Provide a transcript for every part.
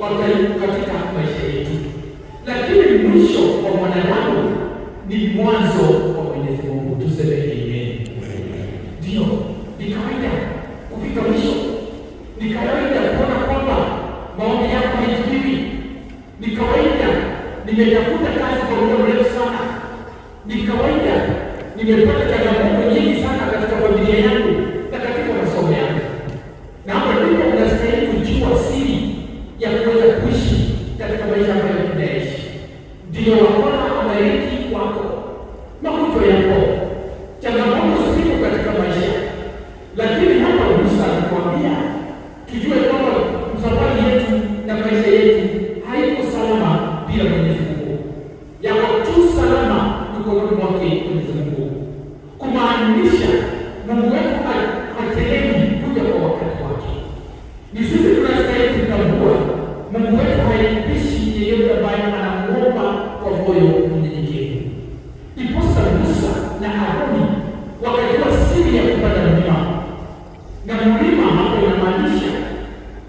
wa katika maisha yetu, lakini mwisho wa mwanadamu ni mwanzo wa Mwenyezi Mungu. Tuseme amen. Ndio ni kawaida kufika mwisho, ni kawaida kuona kwamba maombi yako hayajibiwi, ni kawaida nimetafuta kazi kwa muda mrefu sana, ni kawaida nimepata changamoto nyingi sana katika familia yangu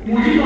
오직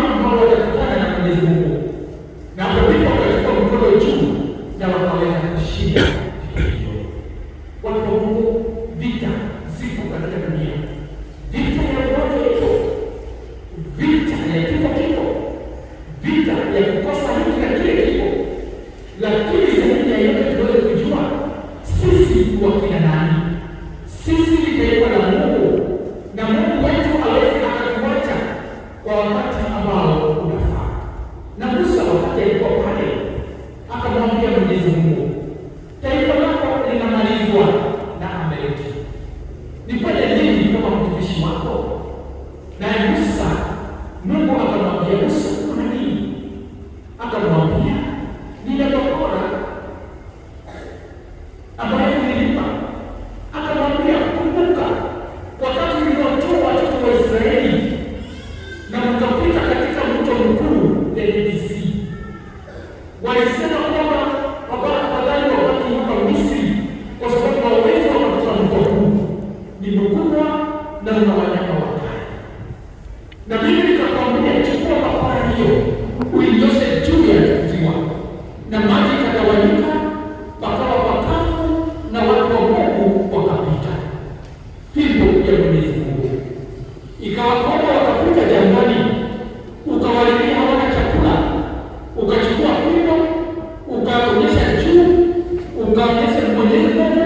ukaonyeshe Mwenyezi Mungu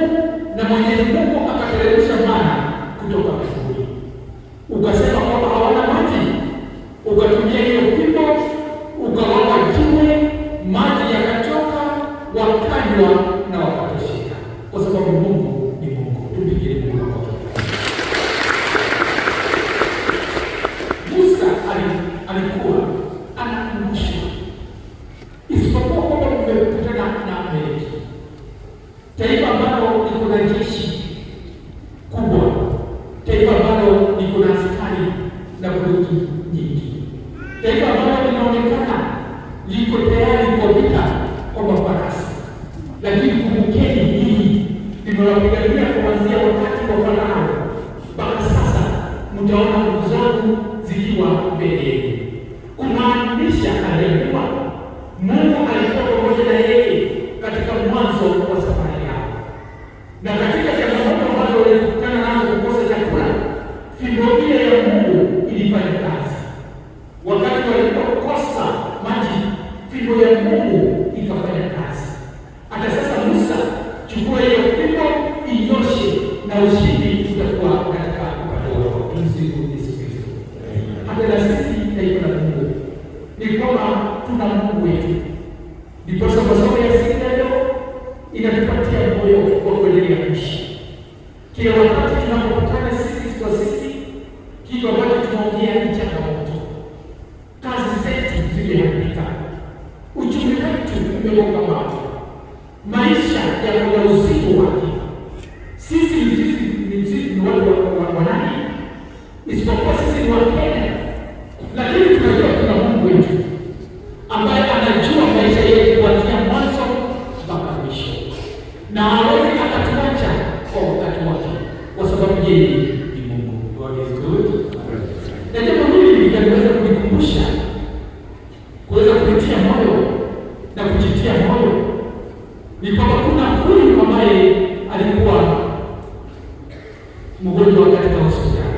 na Mwenyezi Mungu akateremsha mana kutoka mbinguni ukasema na bunduki nyingi. Taifa ambalo linaonekana liko tayari kwa vita kwa mafarasi, lakini kumbukeni hili limewapigania kuanzia wakati wa Farao mpaka sasa, mtaona kabisa. Chukua hiyo fimbo inyoshe, na ushindi utakuwa katika upande wako. Tumsifu Yesu Kristo. Hata na sisi taifa la Mungu ni kwamba tuna Mungu wetu, ndiposa masomo ya siku ya leo inatupatia moyo wa kuendelea kuishi kila wakati tunapokutana sisi kwa sisi, kitu ambacho tunaongea ni changamoto ni kuna huyu ambaye alikuwa mgonjwa katika hospitali,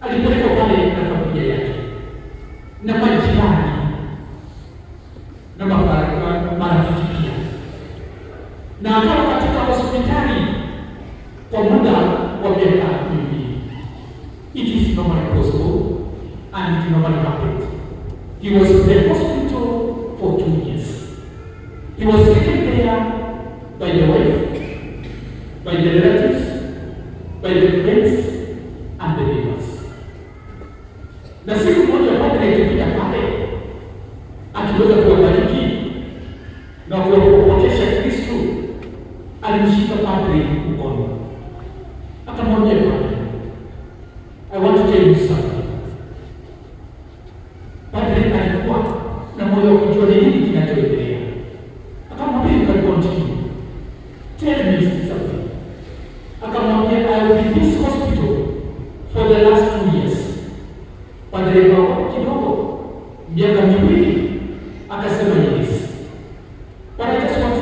alipelekwa pale na familia yake na majirani na marafiki pia, na akawa katika hospitali kwa muda wa miaka miwili. It is normal possible and normal happened. He was the He was taken there by the wife, by the relatives, by the friends, and the neighbors. Na siku moja padre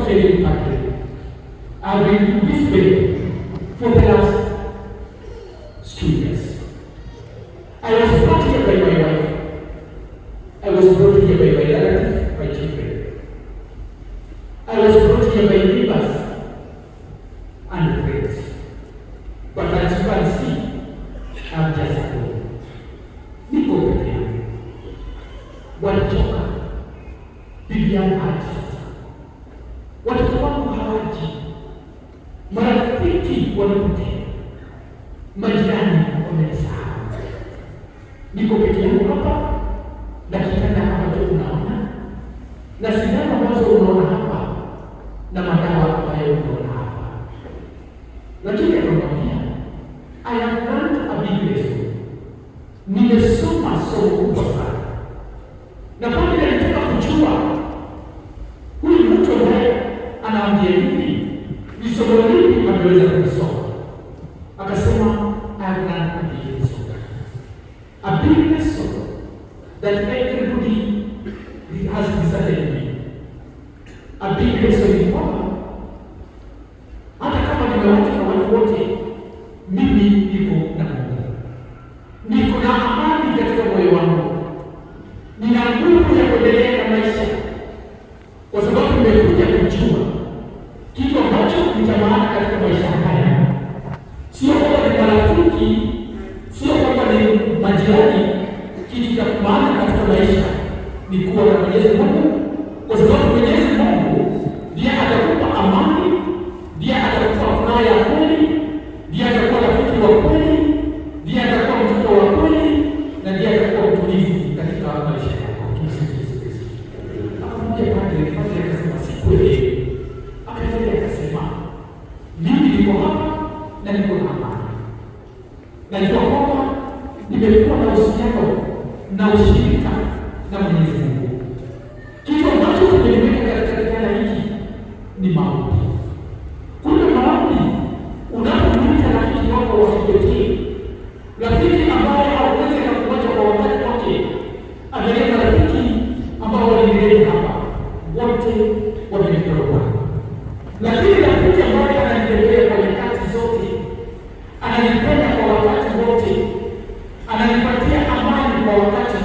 telling you again. I will participate majirani wamenisahau, niko peke yangu hapa na kitanda ambacho tunaona na sindano ambazo apige Yesu ni kwamba hata kama nimewachwa na wote, mimi niko na Mungu, niko na amani katika moyo wangu, nina nguvu ya kuendelea na maisha, kwa sababu nimekuja kujua kitu ambacho kina maana katika maisha haya. Sio kwamba ni marafiki, sio kwamba ni majirani. Kitu cha maana katika maisha ni kuwa na Mwenyezi Mungu. na Mwenyezi Mungu. Kitu ambacho kimeweka katika kijana hiki ni maombi. Kuna maombi unapomwita rafiki wako wa kipekee, rafiki ambaye hauwezi kukuacha kwa wakati wote analeta rafiki ambao walilele hapa wote wamekoroga, lakini rafiki ambaye anaendelea kwa nyakati zote, ananipenda kwa wakati wote, ananipatia amani kwa wakati